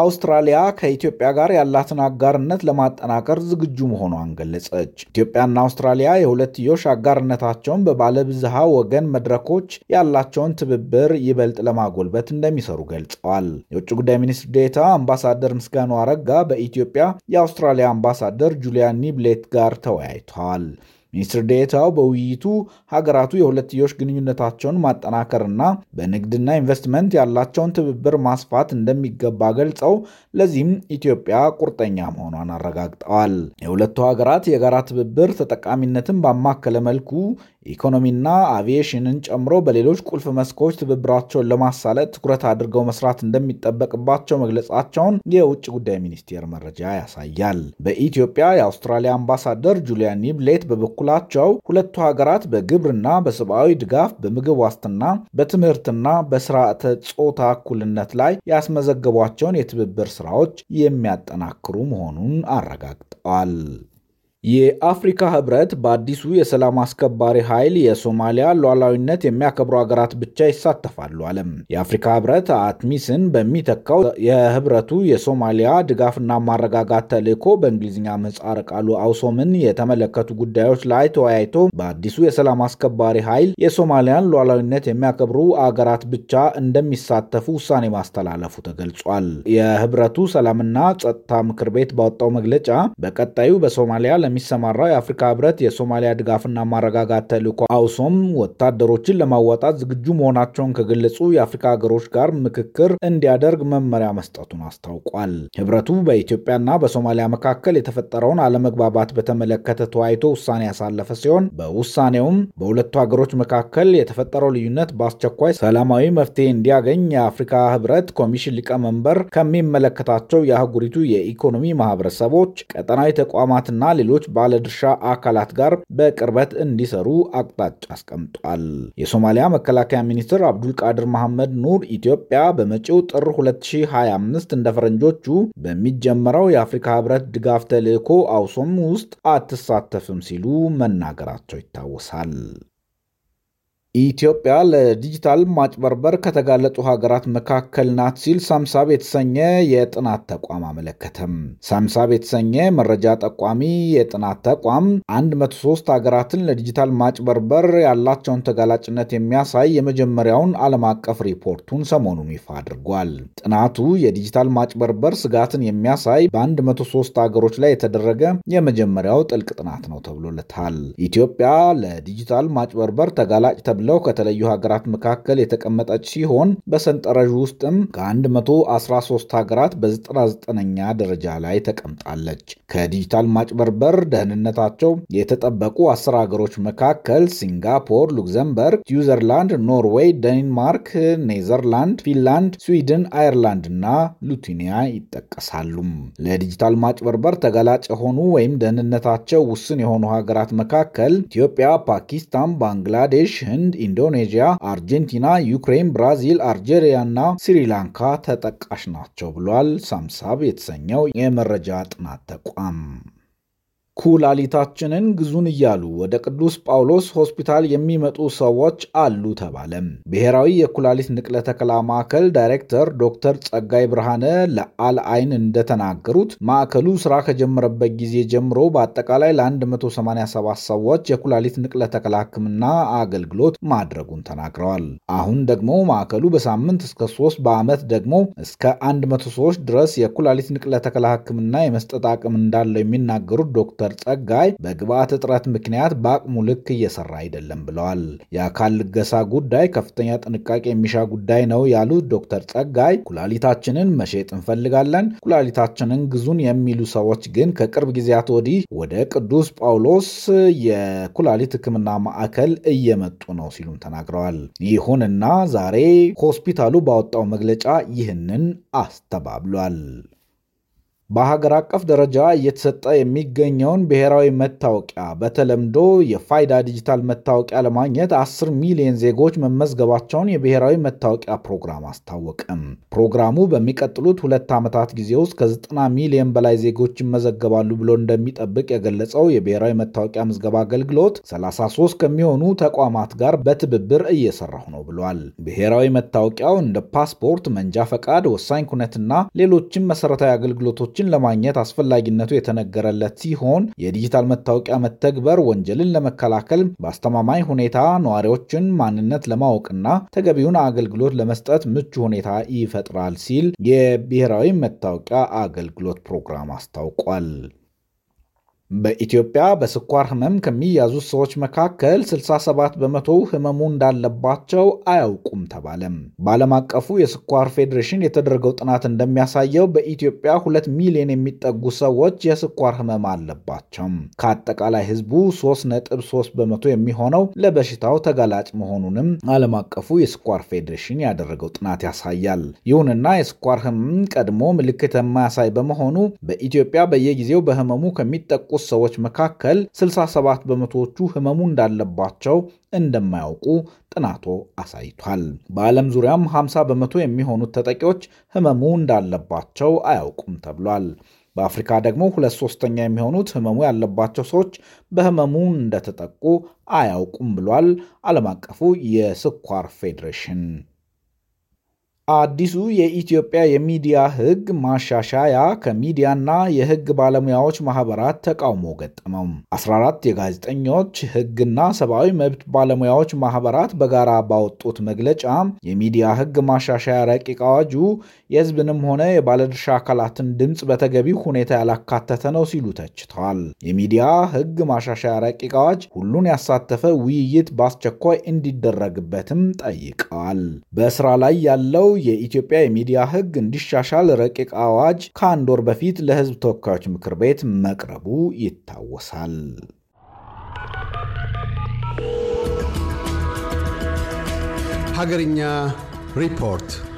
አውስትራሊያ ከኢትዮጵያ ጋር ያላትን አጋርነት ለማጠናከር ዝግጁ መሆኗን ገለጸች። ኢትዮጵያና አውስትራሊያ የሁለትዮሽ አጋርነታቸውን በባለብዝሃ ወገን መድረኮች ያላቸውን ትብብር ይበልጥ ለማጎልበት እንደሚሰሩ ገልጸዋል። የውጭ ጉዳይ ሚኒስትር ዴታ አምባሳደር ምስጋኑ አረጋ በኢትዮጵያ የአውስትራሊያ አምባሳደር ጁሊያን ኒብሌት ጋር ተወያይተዋል። ሚኒስትር ዴታው በውይይቱ ሀገራቱ የሁለትዮሽ ግንኙነታቸውን ማጠናከርና በንግድና ኢንቨስትመንት ያላቸውን ትብብር ማስፋት እንደሚገባ ገልጸው ለዚህም ኢትዮጵያ ቁርጠኛ መሆኗን አረጋግጠዋል። የሁለቱ ሀገራት የጋራ ትብብር ተጠቃሚነትን ባማከለ መልኩ ኢኮኖሚና አቪዬሽንን ጨምሮ በሌሎች ቁልፍ መስኮች ትብብራቸውን ለማሳለጥ ትኩረት አድርገው መስራት እንደሚጠበቅባቸው መግለጻቸውን የውጭ ጉዳይ ሚኒስቴር መረጃ ያሳያል። በኢትዮጵያ የአውስትራሊያ አምባሳደር ጁሊያን ኒብሌት በበኩል በበኩላቸው ሁለቱ ሀገራት በግብርና፣ በሰብአዊ ድጋፍ፣ በምግብ ዋስትና፣ በትምህርትና በስርዓተ ጾታ እኩልነት ላይ ያስመዘገቧቸውን የትብብር ስራዎች የሚያጠናክሩ መሆኑን አረጋግጠዋል። የአፍሪካ ህብረት በአዲሱ የሰላም አስከባሪ ኃይል የሶማሊያ ሉዓላዊነት የሚያከብሩ ሀገራት ብቻ ይሳተፋሉ አለም። የአፍሪካ ህብረት አትሚስን በሚተካው የህብረቱ የሶማሊያ ድጋፍና ማረጋጋት ተልዕኮ በእንግሊዝኛ ምህጻረ ቃሉ አውሶምን የተመለከቱ ጉዳዮች ላይ ተወያይቶ በአዲሱ የሰላም አስከባሪ ኃይል የሶማሊያን ሉዓላዊነት የሚያከብሩ አገራት ብቻ እንደሚሳተፉ ውሳኔ ማስተላለፉ ተገልጿል። የህብረቱ ሰላምና ጸጥታ ምክር ቤት ባወጣው መግለጫ በቀጣዩ በሶማሊያ የሚሰማራው የአፍሪካ ህብረት የሶማሊያ ድጋፍና ማረጋጋት ተልዕኮ አውሶም ወታደሮችን ለማዋጣት ዝግጁ መሆናቸውን ከገለጹ የአፍሪካ ሀገሮች ጋር ምክክር እንዲያደርግ መመሪያ መስጠቱን አስታውቋል። ህብረቱ በኢትዮጵያና በሶማሊያ መካከል የተፈጠረውን አለመግባባት በተመለከተ ተወያይቶ ውሳኔ ያሳለፈ ሲሆን በውሳኔውም በሁለቱ ሀገሮች መካከል የተፈጠረው ልዩነት በአስቸኳይ ሰላማዊ መፍትሄ እንዲያገኝ የአፍሪካ ህብረት ኮሚሽን ሊቀመንበር ከሚመለከታቸው የአህጉሪቱ የኢኮኖሚ ማህበረሰቦች፣ ቀጠናዊ ተቋማትና ሌሎች ከሌሎች ባለድርሻ አካላት ጋር በቅርበት እንዲሰሩ አቅጣጫ አስቀምጧል። የሶማሊያ መከላከያ ሚኒስትር አብዱል ቃድር መሐመድ ኑር ኢትዮጵያ በመጪው ጥር 2025 እንደ ፈረንጆቹ በሚጀመረው የአፍሪካ ህብረት ድጋፍ ተልዕኮ አውሶም ውስጥ አትሳተፍም ሲሉ መናገራቸው ይታወሳል። ኢትዮጵያ ለዲጂታል ማጭበርበር ከተጋለጡ ሀገራት መካከል ናት ሲል ሳምሳብ የተሰኘ የጥናት ተቋም አመለከተም። ሳምሳብ የተሰኘ መረጃ ጠቋሚ የጥናት ተቋም 103 ሀገራትን ለዲጂታል ማጭበርበር ያላቸውን ተጋላጭነት የሚያሳይ የመጀመሪያውን ዓለም አቀፍ ሪፖርቱን ሰሞኑን ይፋ አድርጓል። ጥናቱ የዲጂታል ማጭበርበር ስጋትን የሚያሳይ በ103 ሀገሮች ላይ የተደረገ የመጀመሪያው ጥልቅ ጥናት ነው ተብሎለታል። ኢትዮጵያ ለዲጂታል ማጭበርበር ተጋላጭ ተብ ብለው ከተለዩ ሀገራት መካከል የተቀመጠች ሲሆን በሰንጠረዥ ውስጥም ከ113 ሀገራት በ99ኛ ደረጃ ላይ ተቀምጣለች። ከዲጂታል ማጭበርበር ደህንነታቸው የተጠበቁ አስር ሀገሮች መካከል ሲንጋፖር፣ ሉክዘምበርግ፣ ስዊዘርላንድ፣ ኖርዌይ፣ ዴንማርክ፣ ኔዘርላንድ፣ ፊንላንድ፣ ስዊድን፣ አየርላንድ እና ሉቲኒያ ይጠቀሳሉ። ለዲጂታል ማጭበርበር ተጋላጭ የሆኑ ወይም ደህንነታቸው ውስን የሆኑ ሀገራት መካከል ኢትዮጵያ፣ ፓኪስታን፣ ባንግላዴሽ፣ ህንድ፣ ህንድ፣ ኢንዶኔዥያ፣ አርጀንቲና፣ ዩክሬን፣ ብራዚል፣ አልጄሪያ እና ስሪላንካ ተጠቃሽ ናቸው ብሏል ሳምሳብ የተሰኘው የመረጃ ጥናት ተቋም። ኩላሊታችንን ግዙን እያሉ ወደ ቅዱስ ጳውሎስ ሆስፒታል የሚመጡ ሰዎች አሉ ተባለም። ብሔራዊ የኩላሊት ንቅለ ተከላ ማዕከል ዳይሬክተር ዶክተር ጸጋይ ብርሃነ ለአልአይን እንደተናገሩት ማዕከሉ ስራ ከጀመረበት ጊዜ ጀምሮ በአጠቃላይ ለ187 ሰዎች የኩላሊት ንቅለ ተከላ ሕክምና አገልግሎት ማድረጉን ተናግረዋል። አሁን ደግሞ ማዕከሉ በሳምንት እስከ 3 በዓመት ደግሞ እስከ 100 ሰዎች ድረስ የኩላሊት ንቅለ ተከላ ሕክምና የመስጠት አቅም እንዳለው የሚናገሩት ዶክተር ዶክተር ጸጋይ በግብአት እጥረት ምክንያት በአቅሙ ልክ እየሰራ አይደለም ብለዋል። የአካል ልገሳ ጉዳይ ከፍተኛ ጥንቃቄ የሚሻ ጉዳይ ነው ያሉት ዶክተር ጸጋይ ኩላሊታችንን መሸጥ እንፈልጋለን፣ ኩላሊታችንን ግዙን የሚሉ ሰዎች ግን ከቅርብ ጊዜያት ወዲህ ወደ ቅዱስ ጳውሎስ የኩላሊት ሕክምና ማዕከል እየመጡ ነው ሲሉም ተናግረዋል። ይሁንና ዛሬ ሆስፒታሉ ባወጣው መግለጫ ይህንን አስተባብሏል። በሀገር አቀፍ ደረጃ እየተሰጠ የሚገኘውን ብሔራዊ መታወቂያ በተለምዶ የፋይዳ ዲጂታል መታወቂያ ለማግኘት 10 ሚሊዮን ዜጎች መመዝገባቸውን የብሔራዊ መታወቂያ ፕሮግራም አስታወቀም። ፕሮግራሙ በሚቀጥሉት ሁለት ዓመታት ጊዜ ውስጥ ከ90 ሚሊዮን በላይ ዜጎች ይመዘገባሉ ብሎ እንደሚጠብቅ የገለጸው የብሔራዊ መታወቂያ ምዝገባ አገልግሎት 33 ከሚሆኑ ተቋማት ጋር በትብብር እየሰራሁ ነው ብሏል። ብሔራዊ መታወቂያው እንደ ፓስፖርት፣ መንጃ ፈቃድ፣ ወሳኝ ኩነትና ሌሎችም መሠረታዊ አገልግሎቶችን መረጃዎችን ለማግኘት አስፈላጊነቱ የተነገረለት ሲሆን የዲጂታል መታወቂያ መተግበር ወንጀልን ለመከላከል በአስተማማኝ ሁኔታ ነዋሪዎችን ማንነት ለማወቅና ተገቢውን አገልግሎት ለመስጠት ምቹ ሁኔታ ይፈጥራል ሲል የብሔራዊ መታወቂያ አገልግሎት ፕሮግራም አስታውቋል። በኢትዮጵያ በስኳር ህመም ከሚያዙ ሰዎች መካከል 67 በመቶ ህመሙ እንዳለባቸው አያውቁም ተባለም። በዓለም አቀፉ የስኳር ፌዴሬሽን የተደረገው ጥናት እንደሚያሳየው በኢትዮጵያ ሁለት ሚሊዮን የሚጠጉ ሰዎች የስኳር ህመም አለባቸው። ከአጠቃላይ ህዝቡ 3.3 በመቶ የሚሆነው ለበሽታው ተጋላጭ መሆኑንም ዓለም አቀፉ የስኳር ፌዴሬሽን ያደረገው ጥናት ያሳያል። ይሁንና የስኳር ህመም ቀድሞ ምልክት የማያሳይ በመሆኑ በኢትዮጵያ በየጊዜው በህመሙ ከሚጠቁ ከተጠቁት ሰዎች መካከል 67 በመቶዎቹ ህመሙ እንዳለባቸው እንደማያውቁ ጥናቱ አሳይቷል። በዓለም ዙሪያም 50 በመቶ የሚሆኑት ተጠቂዎች ህመሙ እንዳለባቸው አያውቁም ተብሏል። በአፍሪካ ደግሞ ሁለት ሶስተኛ የሚሆኑት ህመሙ ያለባቸው ሰዎች በህመሙ እንደተጠቁ አያውቁም ብሏል ዓለም አቀፉ የስኳር ፌዴሬሽን። አዲሱ የኢትዮጵያ የሚዲያ ሕግ ማሻሻያ ከሚዲያና የሕግ ባለሙያዎች ማህበራት ተቃውሞ ገጠመው። 14 የጋዜጠኞች ሕግና ሰብአዊ መብት ባለሙያዎች ማህበራት በጋራ ባወጡት መግለጫ የሚዲያ ሕግ ማሻሻያ ረቂቅ አዋጁ የሕዝብንም ሆነ የባለድርሻ አካላትን ድምፅ በተገቢው ሁኔታ ያላካተተ ነው ሲሉ ተችተዋል። የሚዲያ ሕግ ማሻሻያ ረቂቅ አዋጅ ሁሉን ያሳተፈ ውይይት በአስቸኳይ እንዲደረግበትም ጠይቀዋል። በስራ ላይ ያለው የኢትዮጵያ የሚዲያ ሕግ እንዲሻሻል ረቂቅ አዋጅ ከአንድ ወር በፊት ለሕዝብ ተወካዮች ምክር ቤት መቅረቡ ይታወሳል። ሀገርኛ ሪፖርት